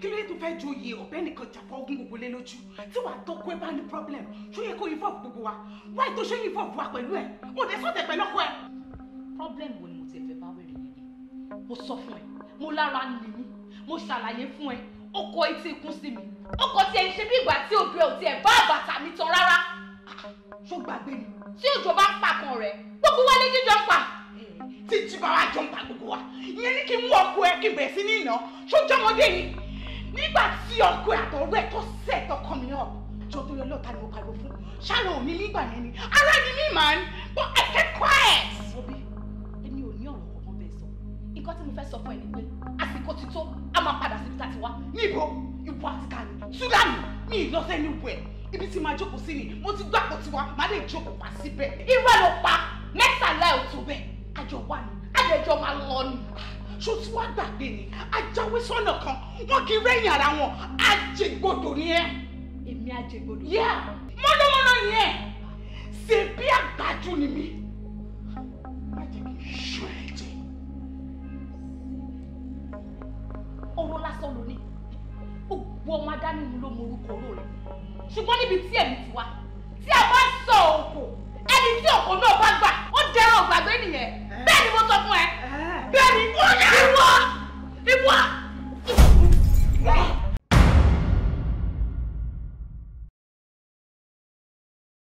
kí ló dé tó fẹ́ joyè ọ̀bẹ nìkan jàpọ̀ ogun gbogbo lé lójú tí wàá tọ́kọ ẹ bá ní problem ṣó yẹ kó involve gbogbo wa wáyé tó ṣe involve wa pẹ̀lú ẹ kò dé sọ̀tẹ̀ pẹ̀lú ọkọ ẹ. problem wo ni mo ti fẹ́ bá wẹ̀rẹ̀ yẹn ni mo sọ fún ẹ mo lára nìyí mo ṣàlàyé fún ẹ ó kọ etí ikún sí mi ó kọ tí ẹ ń ṣe bí ìgbà tí òbí ẹ ò tiẹ̀ bá àbàtà mi tán rárá ṣó gbàgbé ni tí òjò bá ń pa kan rẹ gbogbo wa lè jíjọ ń pa tí jí bá wa jọ ń pa gbogbo wa ìyẹn ní kí n mú ọkọ ẹ kí n bẹ̀rẹ̀ sí ní ìná ṣó jọmọdé yìí nígbà tí ọkọ àtọ̀rọ̀ ẹ̀ tó sẹ̀ tó kọ́ mi náà jọ tó yọ lọ́ta ni mo pariwo fún ṣáàlọ̀ òní nígbà yẹn ni ara ni mí màá ní but I kept quiet. Sobi, èmi ò ní ọ̀rọ̀ kankan bẹ́ẹ̀ sọ. Nǹkan tí mo fẹ́ sọ fún ẹ ni pé àsìkò ti tó, a máa padà síbi tá a ti wá. Níbo ìwọ àti Kani, Súdánì, mi ì lọ sẹ́ni wẹ̀. Ibi tí máa jókòó sí ni, mo ti gbàgbọ́ tiwa, màá lè jókòó pa síbẹ̀. Irọ́ ló pa, mẹ́tàlá ò tó bẹ́ẹ̀. Àjọ wà ní, àjẹjọ máa lọ ni ṣó tí wàá gbàgbé ni ajáwé sọ́nà kan wọn kì í rẹ́yìn ara wọn àjẹgbọdọ̀ ni ẹ. èmi àjẹgbọdọ̀. yẹ mọ́nàmọ́ná ni ẹ ṣe bí àgbájú ni mí. má jẹ́ kí n ṣọ ẹ ọ̀rọ̀ lásán ló ní gbogbo ọmọ adánimú ló mọ orúkọ rẹ̀ ṣùgbọ́n níbi tí ẹ̀mí ti wá tí a bá sọ ọ́.